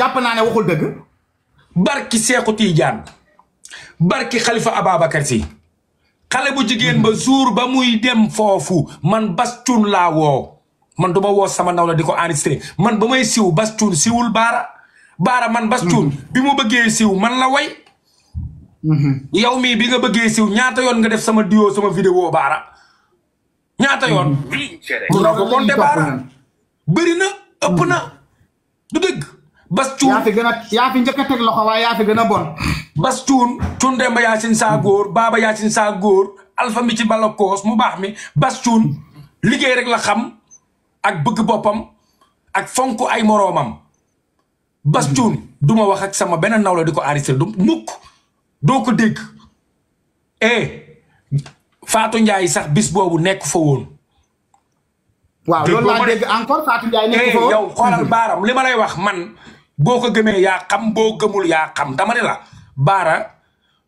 japp naa ne waxul deug barki cheikhou tidiane barki khalifa ababakar Si xale bu jigen ba jour ba muy dem fofu man bastoun lawo wo man duma wo sama naula diko enregistrer man ba may siw bastoun siwul bara bara man bastoun bimu mm-hmm. bi mu siw man la way mm-hmm. yow mi bi nga beugé siw ñaata yon nga def sama duo sama video bara ñaata yon munoo mm-hmm. ko konté bara bëri na ëpp na du deug bas cuun yaa fi gën a yaa fi njëkk a teg a bon. bas saa góor Baba Yacine saa góor alpha mi ci balakoos mu baax mi bas liggéey rek la xam ak bëgg boppam ak fonk ay moroomam. bas cuun mhm. du ma wax ak sama benn nawla di ko arisel du mukk doo ko dégg. njaay eh, Fatou sax bis boobu nekk fa woon. waaw loolu laa dégg encore Fatou eh, xoolal mhm. baaram li ma wax man. boo ko gëmee yaa xam boo gëmul yaa xam dama ne la baara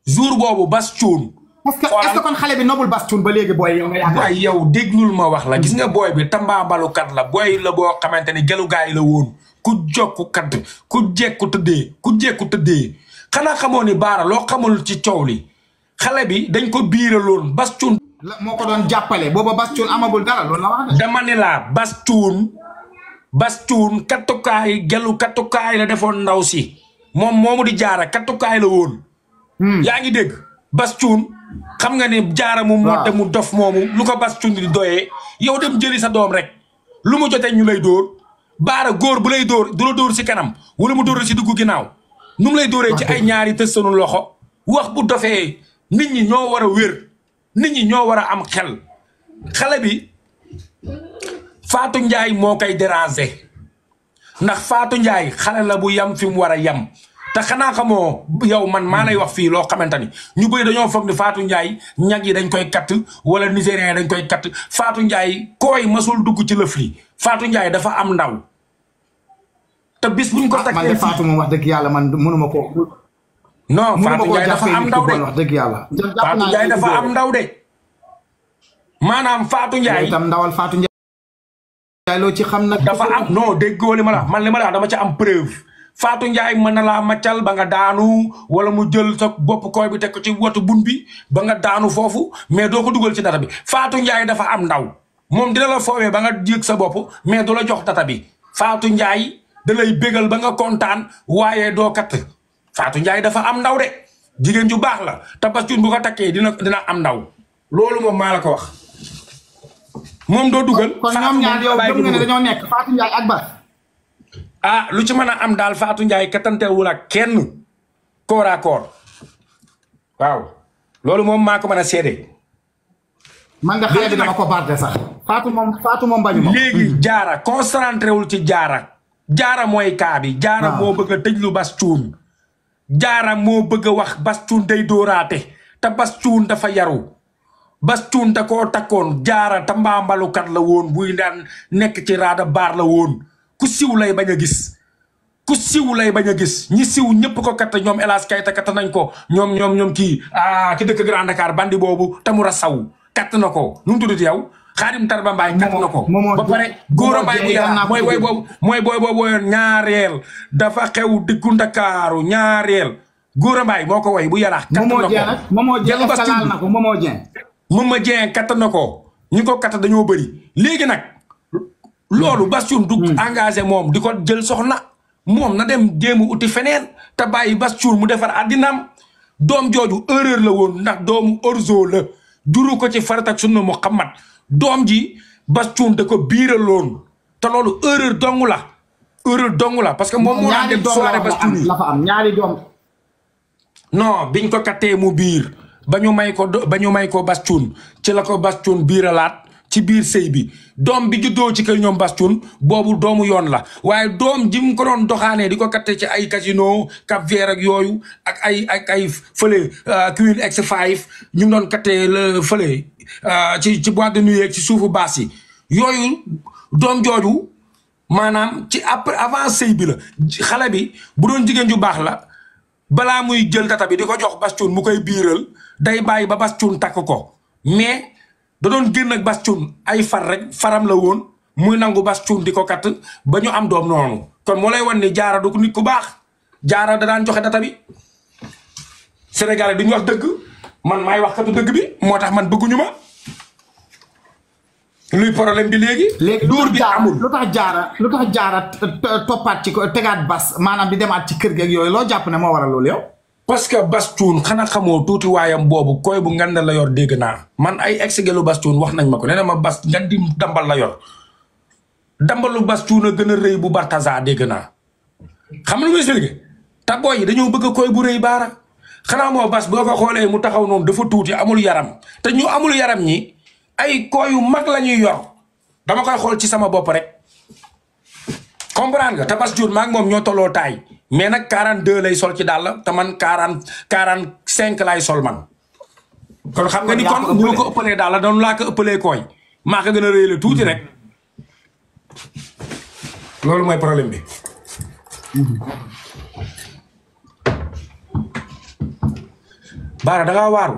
jour boobu bas cuun. est-ce que est xale bi nobul bas ba léegi booy yow yow déglul ma wax la gis nga booy bi tambaambalukat la booy la boo xamante ni gelu gaay la woon ku jokku kat ku jekku tëddee ku jekku tëddee xanaa xamoo ni baara loo xamul ci coow li xale bi dañ ko biiraloon bas cuun. moo ko doon jàppale booba bas cuun amagul dara loolu la wax. dama ne la bas cuun bas cuun gelu kattukaay la defon ndaw si mom momu di jaara kattukaay la won hmm. yaa ngi dégg bas xam nga ne jaara mom modde mu dof momu lu ko di doye yow dem sa dom rek lu mu jotee ñu lay dóor baara góor bu lay door du la door si kanam wala mu door si duggu ginaaw num lay dóoree ci ay ñaari te sunu loxo wax bu dofé nit ñi ño wara wër nit ñi ño wara am xel xalé bi Fatou Ndiaye moo koy déranger ndax faatu njaay xale la bu yam fi mu war a yam te xanaa xamoo yow man maa lay wax fii loo xamante ni ñu bëri dañoo foog ni Fatou Ndiaye ñag yi dañ koy katt wala nigérien yi dañ koy katt Fatou Ndiaye kooy masul dugg ci lëf faatu Fatou Ndiaye dafa am ndaw te bis buñ ko ah, takkee man de Fatou moom wax dëgg yàlla man mënuma ko non Fatou dafa am ndaw de wax dëgg yàlla Fatou dafa am ndaw de maanaam Fatou Ndiaye itam Ndiaye ci xam dafa am non déggoo li ma la man li ma dama ci am preuve Fatou ba nga daanu wala mu jël sa bop koy bi tek ci watu bun bi ba nga daanu fofu mais doko duggal ci data bi Fatou dafa am ndaw mom dina la fowé ba nga yëg sa bop mais dula la jox data bi Fatou Ndiaye dalay bégal ba nga contane wayé do kat Fatou dafa am ndaw de jigen ju bax la te bu ko takké dina dina am ndaw lolou mom maa wax mom do dugal. kon ñoom ñaar yow gëm nga ne dañoo nekk Fatou ndjay ak ba ah lu ci mëna am dal Fatou tanté wul ak kenn corps à corps waaw lolu mom mako mëna sédé man nga xale bi dama ko baatee sax. Fatou mom Fatou mom bañu mom légui jaara concentré wul ci jaara. jaara moy ka bi. jaara ah. mo bëgg tejj lu Bas tuun jaara mo bëgg wax Bas tuun day dooraate ta Bas tuun dafa yaru. bas cuunta koo takkoon jaara ta mbaambalukat la woon buy daan nekk ci raada baar la woon ku siw lay bañ a gis ku siw lay bañ a gis ñi siw ñëpp ko katt ñoom hélas kayta katt nañ ko ñoom ñoom ñoom kii ah ki dëkk Grand Dakar bandi boobu te mu rasaw katt na ko nu mu tuddati yow xaadim tarba mbaay katt na ko ba pare góor mbaay bu yaa mooy booy boobu mooy booy boobu xew diggu ndakaaru góor mbaay moo ko woy bu yaraax katt na ko momoo Mama Dieng kattan na ko ñu ko kattan dañoo bëri léegi nag. loolu Bastoun dug hmm. engagé moom di ko jël soxna moom na dem jéem uti feneen te bàyyi Bastoun mu defar addinaam doom jooju erreur la woon ndax doomu orzo la ko ci farata ak sunna Muhammad doom ji Bastoun da ko biiraloon te loolu erreur dong la erreur dong la parce que moom moo daan dem doom la Bastoun yi la fa am ñaari doom non biñ ko kattee mu biir ba ñu may ko ba ñu may ko Bass ci la ko Bass Thioung biiralaat ci biir sey bi doom bi juddoo ci kër ñoom Bass boobu doomu yoon la waaye doom ji mu ko doon doxaanee di ko katte ci ay casino Cap Vert yooyu ak ay ak ay fële euh, Queen X5 ñu ngi doon kattee la fële euh, ci ci boîte de nuit ci suufu baas yi yooyu doom jooju maanaam ci après avant sëy bi la xale bi bu doon jigéen ju baax la balaa muy jël tata bi di ko jox Bass mu koy biiral day bay ba bastion takko mais da doon genn ak bas ay far rek faram la won muy nangu bas diko di kat ba am doom nonu kon mo lay wan ni jaara du nit ku bax jaara da daan joxe data bi sénégalais wax deug man may wax katu deug bi motax man bëgguñu ma luy problème bi legi léegi dur bi amul lutax jaara lutax jaara topat ci ko bas manam bidem demat ci kër gi ak yoy lo japp ne mo waral yow parce que bastoun xana xamoo tuuti waayam boobu koy bu ngand la yor dégg naa man ay exegelu bastoun wax nañ ma ko nee na ma bas ngandi dambal la yor dambalu bastoun a gën a rëy bu bartaza dégg naa xam lu muy expliqué tago yi dañoo bëgg koy bu rëy baara xanaa moo bas boo ko xoolee mu taxaw noonu dafa tuuti amul yaram te ñu amul yaram ñi ay koyu mag la ñuy yor dama koy xool ci sama bopp rek comprendre nga tabas bas jur maag moom ñoo tolloo taay mais nag 42 lay sol ci dal ta man 40 45 lay sol man. kon xam nga ni kon bu ko uppele dal don la ko uppele koy ma ka gëna a touti rek. lolou moy problème bi. bara da nga waru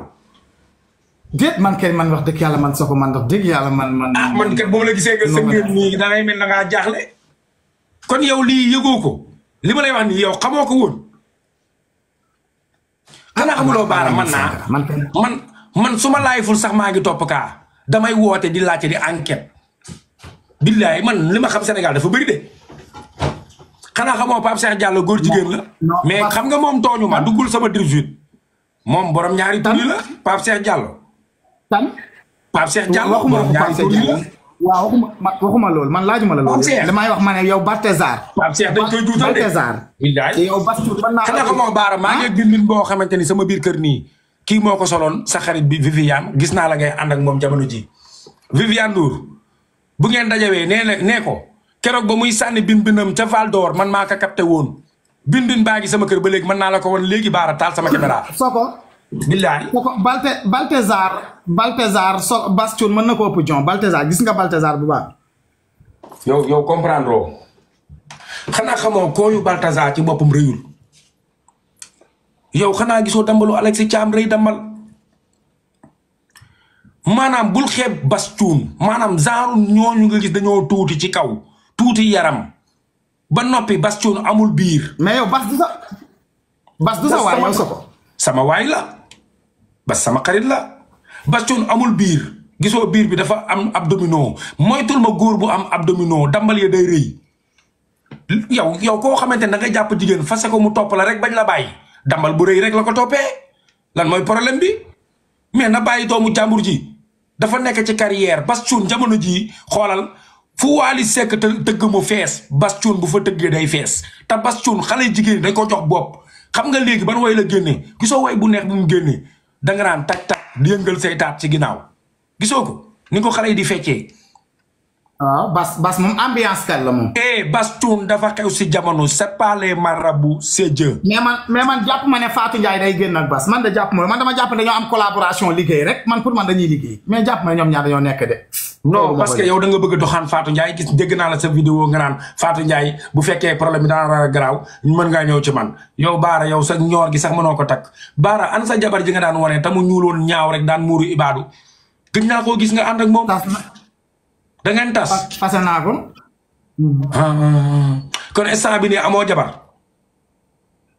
déet man kay man wax dëgg yalla man soko man wax deug yalla man man. ah man kat boobu la gisee nga sëngeen ni da ngay mel na nga jaaxle. kon yow li yëgoo ko li lay wax ni yow xamoko won woon xanaa xamuloo baara man na man man suma ma laayful sax maa ngi gitu, topp kaa damay wote ya, di laajte di enquête billahi man lima xam senegal dafa beuri de xanaa xamoo pap Cheikh Diallo gor jigen la mais xam nga mom tooñu ma duggul sama 18 mom borom ñaari tuli la pap Cheikh Diallo tan pap Cheikh Diallo borom ñaari tur la waaw waxuma ma waxuma loolu man laajuma la loolu. damay wax ma ne yow Balthazar. Pape Cheikh dañ koy juutal de Balthazar. moo baara maa ngi gis nit boo xamante ni sama biir kër nii ki moo ko soloon sa xarit bi Viviane gis naa la ngay ànd moom jamono ji Viviane Ndour bu ngeen dajawee nee na nee ko keroog ba muy sànni bin binam ca Val d'Or man maa ko capté woon bin bin baa ngi sama kër ba léegi mën naa la ko woon léegi baara taal sama caméra. soo billaay ko Balte Baltazar Baltazar so Bastion mën na koo ëpp John Baltazar gis nga Baltazar bu baax. yow yow comprendre loo xanaa xamoo kooyu Baltazar ci boppam rëyul yow xanaa gisoo dambalu ci Thiam rëy dambal maanaam bul xeeb Bastion maanaam genre ñooñu nga gis dañoo tuuti ci kaw tuuti yaram ba noppi Bastion amul biir. mais yow Bas du sa Bas du sa sama waay la ba sama xarit la Bass amul biir gisoo biir bi dafa am abdominaux moytul ma góor bu am abdominaux dambal ya day rëy yow yow koo xamante ne da nga jàpp jigéen fase ko mu topp la rek bañ la bàyyi dambal bu rëy rek la ko toppee lan mooy problème bi mais na bàyyi doomu jàmbur ji dafa nekk ci carrière Bass Thioung jamono jii xoolal fu Waly Seck te tëgg mu fees Bass bu fa tëggee day fees te Bass xale xale jigéen dañ ko jox bopp xam nga léegi ban woy la génnee gisoo woy bu neex bu mu génnee da nga naan tak tak di yëngal say taat ci ginnaaw gisoo ko ni ko xale yi di feccee. waaw ah, bas bas moom ambiance kat la moom. eh bas tuun dafa xew si jamono c'est pas les marabouts c'est Dieu. mais man mais man jàpp ma ne Fatou Ndiaye day génn ak bas man da jàpp ma man dama jàpp ne dañoo collaboration liggéey rek man pour man dañuy liggéey mais jàpp ma ñoom ñaar dañoo nekk de. non parce que yow da nga bëgg doxaan Fatou Ndiaye gis dégg naa la sa vidéo nga naan Fatou Ndiaye bu fekkee problème bi daan rara garaaw mën ngaa ñëw ci man yow bara yow sa ñoor gi sax mënoo ko takk an sa jabar ji nga daan wone tamu ñuuloon ñaaw rek daan muuru ibaadu gëj naa koo gis nga ànd ak moom da ngeen tas fase naa ko hmm. ah, ah, ah. kon instant bi nii amoo jabar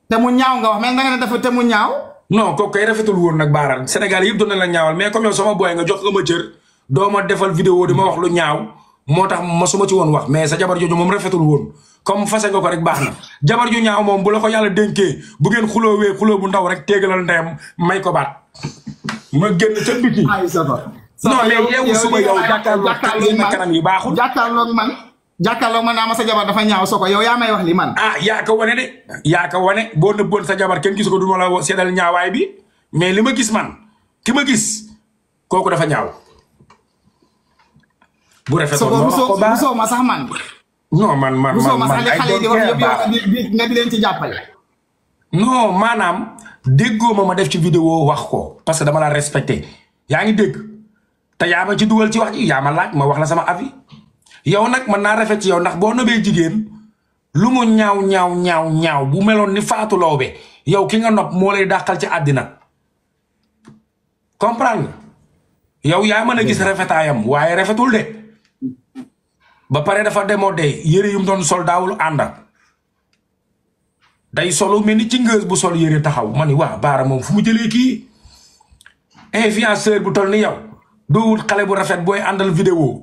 te mu ñaaw nga wax mais nga ne dafa te mu ñaaw non kooku kay rafetul woon nag baara Sénégal yëpp doon na la ñaawal mais comme yow sama boy nga jox nga ma cër ma defal video di ma wax lu ñaaw motax suma ci won wax mais sa jabar joju mom rafetul won comme fassé nga ko rek baxna jabar ju ñaaw mom bu la ko yalla denké bu gën xulo wé xulo bu ndaw rek téggalal ndayam may ko bat ma genn ci biti ay safa non mais yewu suma yow jakkal jakal li kanam yu baxul jakkal lok man jakkal lok man ama sa jabar dafa ñaaw soko yow ya may wax li man ah ya ko woné dé ya ko woné bo bon sa jabar ken gis ko duma la sédal ñaaway bi mais lima gis man kima gis koku dafa ñaaw bu rafet woon so so ma sax man non man man man man ay doon nga di leen ci jàppale non maanaam déggoo ma ma def ci vidéo wax ko parce que dama la respecté yaa ngi dégg te yaa ma ci dugal ci wax ji yaa ma laaj ma wax la sama avis yow nag mën naa rafet ci yow ndax boo nobee jigéen lu mu ñaaw ñaaw ñaaw ñaaw bu melon ni faatu lawbe yow ki nga nopp moo lay dàqal ci àddina comprendre yow yaa mën a gis rafetaayam waaye rafetul de ba pare dafa demoo de yére yu mu doon sol daawul ànd day solu mel ni ci ngës bu sol yére taxaw ma ni waa baara moom fu mu jëlee kii influenceur bu toll ni yow doo wut xale bu rafet booy àndal vidéo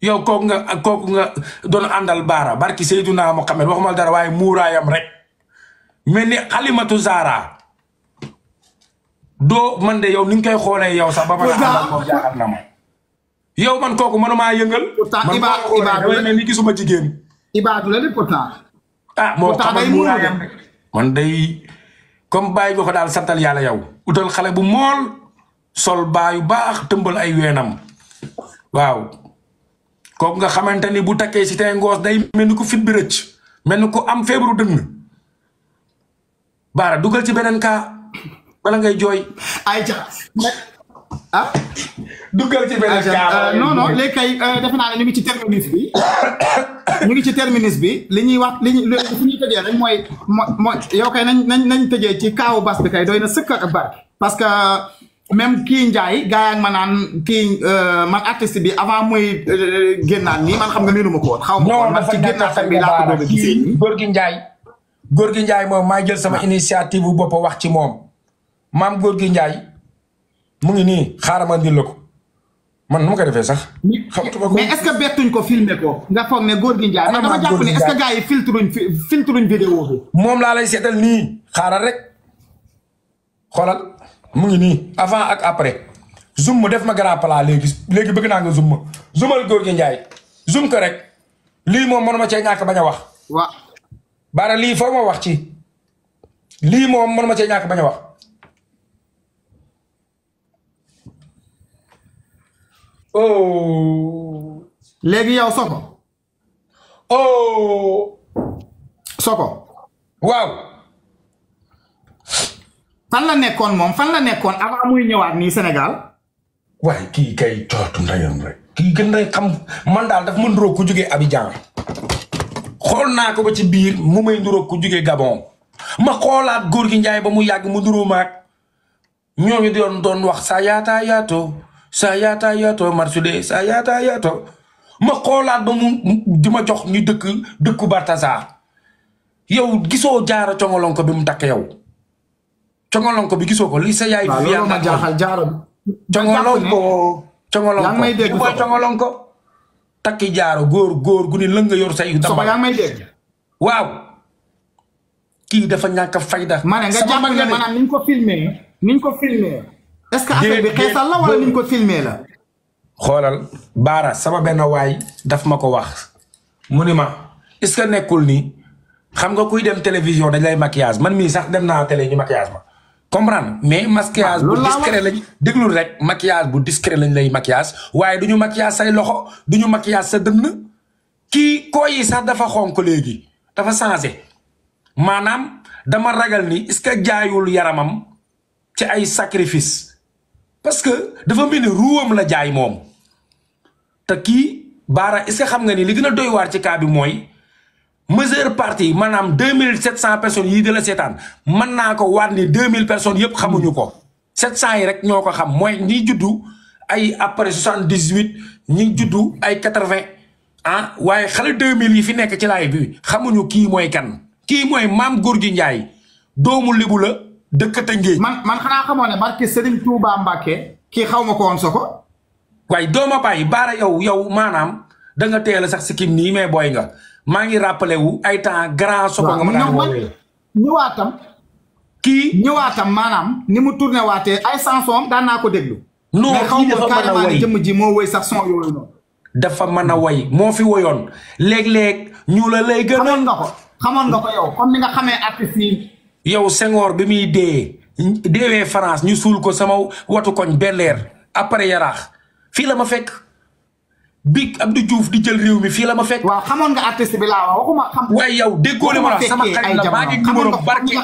yow kooku nga kooku nga doon àndal baara barki Seydina Muhammad waxuma dara waaye muuraayam rek mel ni xalimatu Zara doo man de yow ni nga koy xoolee yow sax ba ma la àndal na ma yow man koku manuma yeungal pourtant Iba Iba do la ni gisuma jigen Iba du la ni pourtant. ah moo xamal muuraayam man day comme bay nga ko daal santal yalla yow. outal xale bu mol sol bayu bax teumbal ay wenam waw kooku nga xamanteni bu takke ci tay ngoos day melni ko fit bi recc melni ko am febru deug bara duggal ci benen ka bala ngay joy ay ca ah. duggal ci benn cas euh, non non léegi kay euh, naa ne ñu ngi ci terminus bi ñu ngi ci terminus bi li ñuy wax li ñuy fu rek mooy mooy yow kay nañ nañ nañ tëjee ci kaawu bas bi kay doy na sëkk ak parce que même kii Ndiaye gars yi ma naan kii euh, man artiste bi avant muy génnaan nii man xam nga niru ma ko xaw ma ko man ci génnaatam bi laa ko doon gisee. góor gi Ndiaye. góor gi Ndiaye moom maa jël sama ah. initiative bu bopp wax ci moom maam góor gi Ndiaye. mu ngi nii xaaral ma dil la ko man nu ma ko defee sax. xamatuma ko mais est ce que bettuñ ko filmer ko. nga foog ne góor gi njaay man dama jàpp ne est ce que moom laa lay seetal nii xaaral rek xoolal mu ngi nii avant ak après zoom ma def ma grand plat léegi léegi bëgg naa nga suma sumal zoomal góor gi njaay zoom ko rek lii moom mënuma cee ñàkk bañ a wax. waaw. lii foo ma wax ci lii moom mënuma cee ñàkk bañ a wax. oh. léegi yow Soko. oh. Soko. waaw. fan la nekkoon moom fan la nekkoon avant muy ñëwaat nii Sénégal. waaye kii kay cootu ndeyam rek. kii gën a xam man daal daf ma nduróog ku jógee Abidjan. xool naa ko ba ci biir mu may nduróog ku jógee Gabon. ma xoolaat góor gi Njaay ba mu yàgg mu nduróo ñoo ñooñu doon doon wax saa yaata yaatoo. Saya tayo to marsude saya yaataa yaatoo ma xoolaat ba mu di jox ñu dekk dekk bartaza yow gisoo jaara ko bi mu tak yow ko bi gisoo ko li sa yaay. waaw loolu ma jaaxal jaara. congolonko ko yaa ngi may boy mooy ko takki jaaro gor gor guni ne nga yor say. dama yaa may dégg. waaw ki dafa ñaka fayda. mané nga jàpp ne maanaam ko filmé niñ ko filmé. est-ce que affaire bi xeesal la wala ñu ko filmé la. xoolal Baara sama benn waay daf ma ko wax mu ni ma est-ce que nekkul ni xam nga kuy dem télévision dañ lay maquillage man mii sax dem naa télé ñu maquillage ma. comprendre mais maquillage ah, bu discret lañ déglul rek maquillage bu discret lañ lay maquillage waaye du ñu maquillage say loxo du ñu maquillage sa dënn kii koo yi sax dafa xonk léegi dafa changé maanaam dama ragal ni est-ce que jaayul yaramam ci ay sacrifice parce que dafa mel ni ruwam la jaay moom te kii baara est-ce xam nga ni li gën a doy waar ci cas mooy mesure parti maanaam deux mille sept cent personnes yii di la seetaan mën naa ko waat ni deux mille personnes yëpp xamuñu ko sept cent yi rek ñoo ko xam mooy ñi juddu ay après soixante dix huit ni juddu ay quatre vingt ah waaye xale deux mille yi fi nekk ci laay bi xamuñu kii mooy kan kii mooy maam góor gi Njaay doomu Lebu la. dëkk Tëngéej. man man xanaa xamoon ne barke Serigne Touba Mbacke. kii xaw ma ko woon Soko. waaye doo ma bàyyi baara yow yow maanaam danga nga teel a sax sikkim nii mais booy nga maa ngi rappelé wu ay temps grand Soko nga ma daan woowee ñëwaatam. kii ñëwaatam maanaam ni mu tourné waatee ay chanson daan naa ko déglu. non kii dafa a woy mais xaw ji moo woy sax son yooyu noonu. dafa mën a woy moo fi woyoon léeg-léeg ñu la lay gënoon. xamoon nga ko xamoon nga ko yow comme nga xamee artistes yi yow Senghor bi muy dee deewee France ñu suul ko sama watu koñ belleer après yaraax fii la ma fekk bi du juuf di jël réew mi fii la ma fekk. waaw xamoon nga artiste waaye yow déggoo li ma la sama xarit la maa ngi numéro barki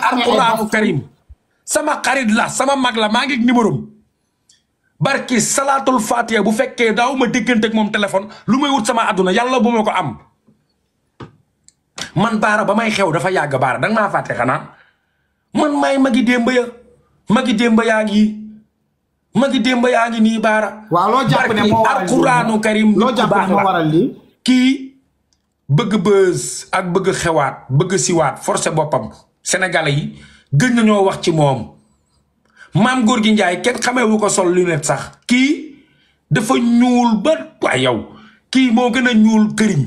sama mag la maa ngi numéro barki salaatul fatiha bu fekkee daaw ma déggante moom téléphone lu may wut sama àdduna yàlla bu ma ko am man baara ba may xew dafa yàgg baara danga maa fàtte xanaa. man may magi démb ya magi démb yaa ngi magi démb yaa ngi nii baara. waaw loo jàpp ne moo waral alquraanu karim kii bëgg bës ak bëgg xewaat bëgg siwaat forcé boppam sénégalais yi gën nañoo wax ci moom maam góor gi Njaay kenn xamee wu ko sol lunette sax kii dafa ñuul ba waaye yow kii moo gën a ñuul këriñ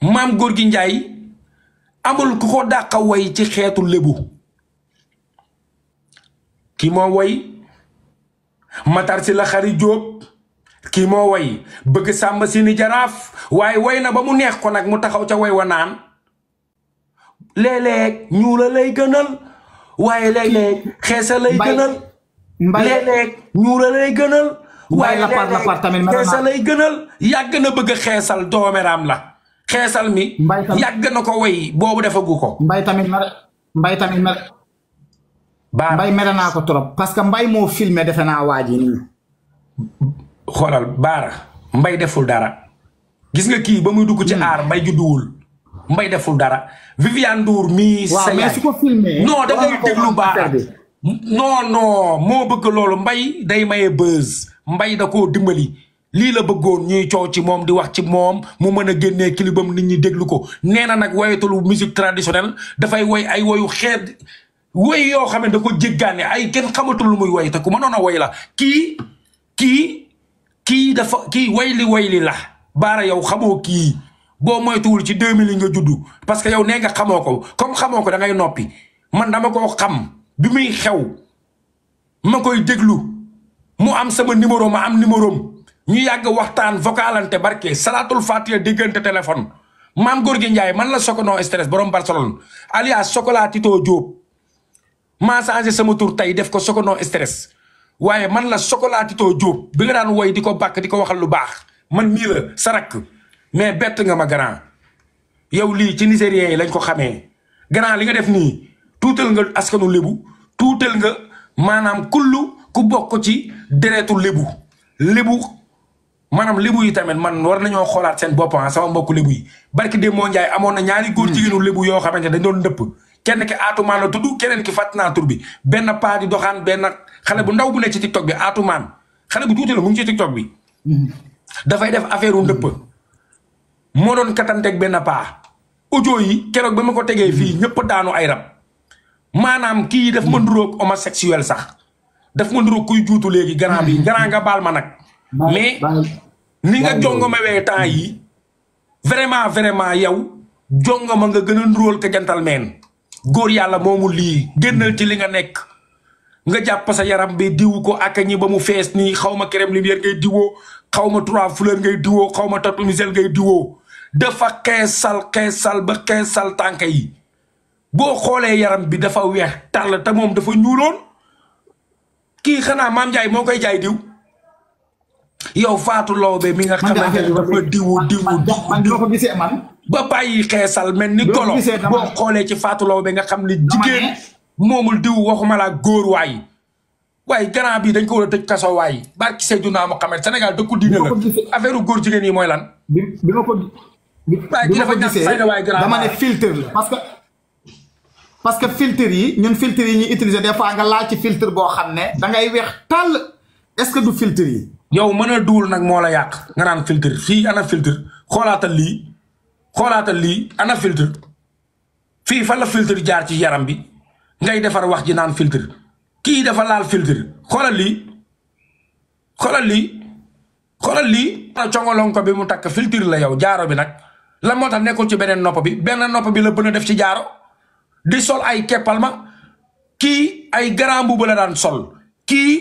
maam góor gi Njaay amul ku ko dàqa way ci xeetu lébu kii moo woy Matar si la xari Jóob kii moo woy bëgg sàmba si ni jaraaf waaye woy na ba mu neex ko nag mu taxaw ca woy wa naan léeg-léeg ñuula lay gënal waaye léeg-léeg xeesa lay gënal léeg lay gënal waaye léeg-léeg xeesa lay gënal yàgg na bëgg xeesal doomeraam la xeesal mi yàgg na ko woy boobu defagu ko mbay tamit mbay tamit baa mbay mere naa ko trop parce que mbay moo filmé defe naa waa xoolal baara mbay deful dara gis nga kii ba muy dugg ci hmm. aar mbay ju judduwul mbay deful dara Viviane Ndour mii. sa yaay waaw mais déglu baara non non moo bëgg loolu mbay day maye buzz mbay da dimbali lii la bëggoon ñuy coow ci moom di wax ci moom mu mën a génne kilibam nit ñi déglu ko nee na nag woyatul musique traditionnelle dafay woy ay woyu xeet. woy yoo xam ne da ko jéggaane ay kenn xamatul lu muy woy te ku mënoon a woy la kii kii kii dafa kii wayli wayli la baara yow xamoo kii boo moytuwul ci 2000 nga juddu parce que yow nee nga xamoo ko comme xamoo ko dangay noppi man ma koo xam bi muy xew ma koy déglu mu am sama numéro ma am numéro ñu yàgg waxtaan vocalante barke salaatul fatiha diggante téléphone maam góor gi Njaay man la Sokono stress borom Barcelone alias Sokola Tito Diop. masa aje sama tur tay def ko soko no stress waye man la to job bi nga dan way diko ko diko waxal lu bax man mii la sarak mais bet nga ma grand yow li ci nigerien yi lañ ko xamé grand li nga def ni toutel nga askanu lebu toutel nga manam kullu ku bok ci deretu lebu lebu manam lebu yi tamen man war nañu xolaat sen bop ah, sama mbok lebu yi barki de mondjay amon nyari na ñaari goor ci hmm. lébu yoo xamante dañ doon kenn ki atuman la tuddu keneen ki fatna tur bi benn paa di doxaan benn xale bu ndaw bu ne ci tiktok bi atuman xale bu tuuti la mu ngi ci tiktok bi dafay def affaire u ndëpp moo doon katanteeg benn paa audio yi keroog ba ma ko tegee fii ñëpp daanu ay rab maanaam kii daf ma nduróog homosexuel sax daf ma nduróog kuy juutu léegi grand bi grand nga baal ma nag mais ni nga jongomewee temps yi vraiment vraiment yow ma nga gën a nduróol ka jantal meen góor yàlla muli, lii génnal ci li nga nekk nga jàpp sa yaram bi diw ko ak ñi ba mu fees nii xaw crème lumière ngay diwoo xaw trois fleurs ngay diwoo xaw ma misel ngay diwoo dafa xeesal xeesal ba xeesal tànk yi boo yaram bi dafa weex tàll te moom dafa ñuuloon kii xanaa koy jaay diw yow Fatou Laobé mi nga xamante ne dafa diwu diwu diwu ba bàyyi xeesal mel ni golo boo xoolee ci Fatou be nga xam ni jigéen moomul diw waxuma laa góor waay waaye grand bi dañ ko war a tëj kaso waay barki Seydina Mohamed Sénégal dëkku diine la affaire góor jigéen yi mooy lan. bi bi ma ko bi ma ko gisee dama ne filtre la parce que. parce que filtre yi ñun filtre yi ñu utiliser des fois nga laal ci filtre boo xam ne da weex tàll est-ce que du filtre yi. yow mën a duul nag moo la yàq nga naan filtre fii ana filtre xoolaatal lii xoolaatal lii ana filtre fii fa la jaar ci yaram bi ngay defar wax ji naan filtre kii dafa laal filtre xoolal lii xoolal lii xoolal lii a congolon ko bi mu takk filtre la yow jaaro bi nag la moo tax nekkul ci beneen nopp bi benn nopp bi la bën a def ci jaaro di sol ay keppal ma kii ay grand mbubb la daan sol kii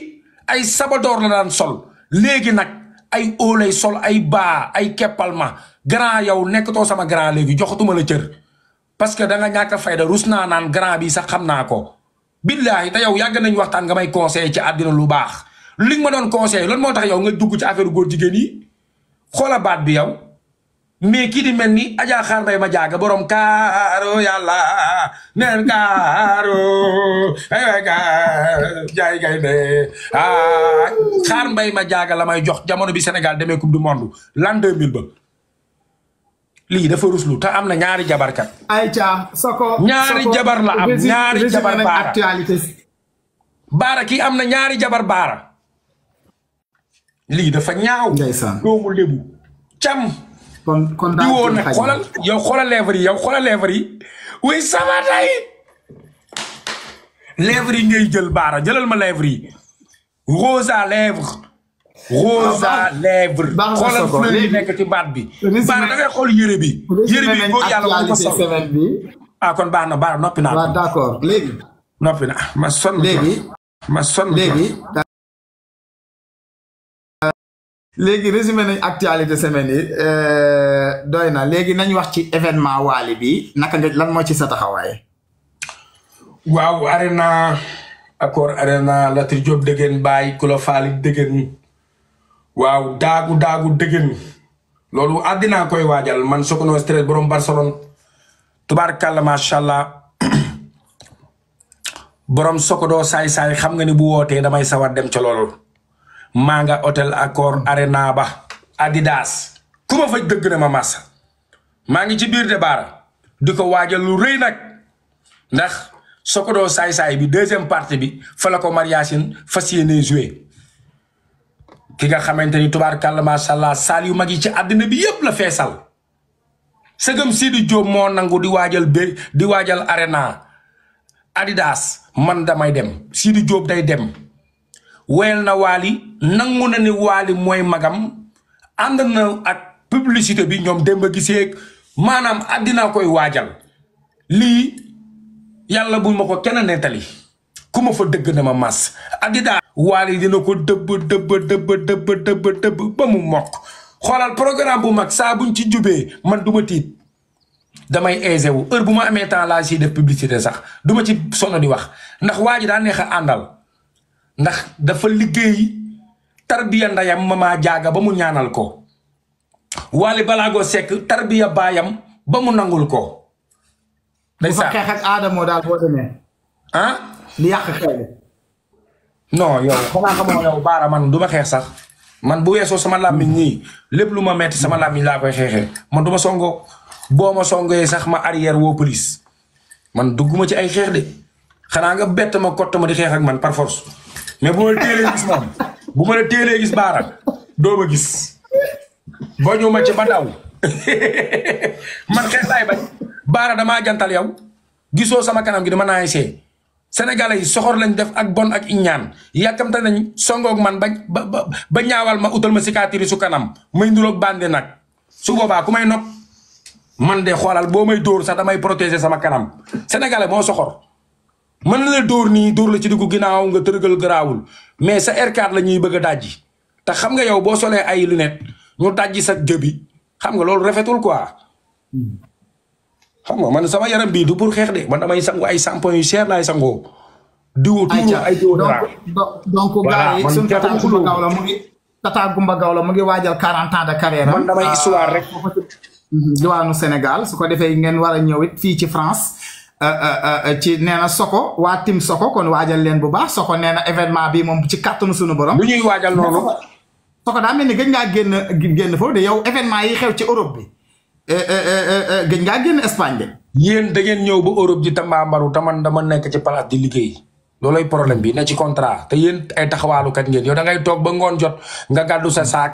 ay sabadoor la daan sol léegi nag ay oo lay sol ay baa ay keppalma grand yow too sama grand léegi joxatuma la cër parce que da nga fayda rus naa naan grand bi sax xam naa ko. billaahi te yow yàgg nañ waxtaan nga may conseil ci àddina lu baax li ma doon conseil lan moo tax yow nga dugg ci affaire góor jigéen yi xoola baat bi yow. mais ki di melni ni Adja Xaar Mbay ma jaga borom karo yalla nen karo ay way ga jay gay de ah xar bay ma jaga lamay jox jamono bi senegal demé coupe du monde l'an 2000 ba li dafa ruslu ta amna ñaari jabar kat. ayca soko ñaari jabar la am ñaari jabar bara. actualité kii amna na ñaari jabar bara. Li, dafa ñaaw. ndaysan doomu lebu cham kon kon daal di woon nag xoolal yow xoolal lèvres yi yow xoolal lèvres yi oui sama day lèvres yi ngay jël baara jëlal ma lèvres yi rosa lèvres. rosa ah, ah. lèvre xoolal fleur yi nekk ci baat bi. baara da xool yére bi. yére bi boo yàlla mu ko sol ah kon baax na baax na noppi naa. waaw noppi na ma sonn. léegi ma sonn léegi. léegi résumé nañ actualité semaine yi euh, doy na léegi nañ wax ci événement Wally bi naka nga lan moo ci sa taxawaay. waaw arena accord arena Latir Diop dëggeen Baye Kula Faali dëggeen waaw daagu daagu dëggeen loolu àddinaa koy waajal man Sokono stress borom tubaar tubaarkàlla macha allah borom Sokodo saay saay xam nga ni bu wootee damay sawaat dem ca loolu. manga hotel accord arena ba adidas kuma fa deug na ma massa ma ngi ci bir de diko wajal lu reuy nak ndax soko say say bi deuxième partie bi fa la ko mariasine fasiyene jouer ki nga xamanteni tubarkalla ma sha Allah sal yu magi ci aduna bi yeb la fessal segam sidi job mo nangou di wajal be di wajal arena adidas man damay dem sidi job day dem wel na wali nangu na ni wali moy magam and na ak publicité bi ñom demba gisé manam adina koy wajal li yalla buñ mako kenn netali kuma fa deug na ma mas adida wali dina ko deub deub deub deub deub deub ba mu mok xolal programme bu mak sa buñ ci jubé man duma tit damay aisé wu heure bu ma amé temps la ci def publicité sax duma ci sono di wax ndax waji da nexa andal ndax dafa liggéey tarbiya ndayam mama jaaga ba mu ñaanal ko wali balago sek tarbiya bayam ba mu nangul ko day sa xex ak adamo dal bo demé han li yak xel non yow xana xamo yow bara man duma xex sax man bu weso sama lamiñ ni lepp luma metti sama lamiñ la koy xexé man duma songo boma songé sax ma arrière wo police man duguma ci ay xex de xana nga bett ma di xex ak man par force mais bu ma la teelee gis moom bu ma la teelee gis baara doo ma gis bañu ma ci ba daw man xeex laay bañ baara damaa jantal yow gisoo sama kanam gi dama naay see sénégalais yi soxor lañ def ak bon ak ñaan yàkkamte nañ songoog man ba ba ñaawal ma utal ma cicatrice su kanam may nduroog bàndi nag su boobaa ku may nopp man de xoolal boo may dóor sax damay protéger sama kanam sénégalais moo soxor man la door ni door la ci diggu ginaaw nga tërgal grawul mais sa R4 la ñuy bëgg dajji ta xam nga yow bo solé ay lunette ñu dajji sa jëbi xam nga lool rafetul quoi xam nga man sama yaram bi du pour xex de man damay sangu ay shampoing yu cher laay sangoo diwu tuuru ay diwu dara donc gaay yi suñu tata gumba gaaw la mu ngi tata gumba gaaw la mu ngi wajal 40 ans de carrière man damay histoire ah. rek diwaanu Sénégal su ko defee ngeen wara a fi ci France Euh, euh, euh, ci nee Soko waa tim Soko kon waajal leen bu baax Soko nee na événement bi moom ci kàttanu suñu borom. bu ñuy waajal noonu. Soko daa mel ni gëj ngaa génn génn foofu de yow événement yi xew ci Europe bi gëj ngaa génn Espagne de. yéen da ngeen ñëw ba Europe ji ta tambaambaru taman dama nekk ci place di liggéey. loolay problème bi ne ci contrat te yéen ay kat ngeen yow dangay toog ba ngoon jot nga gàddu sa saak.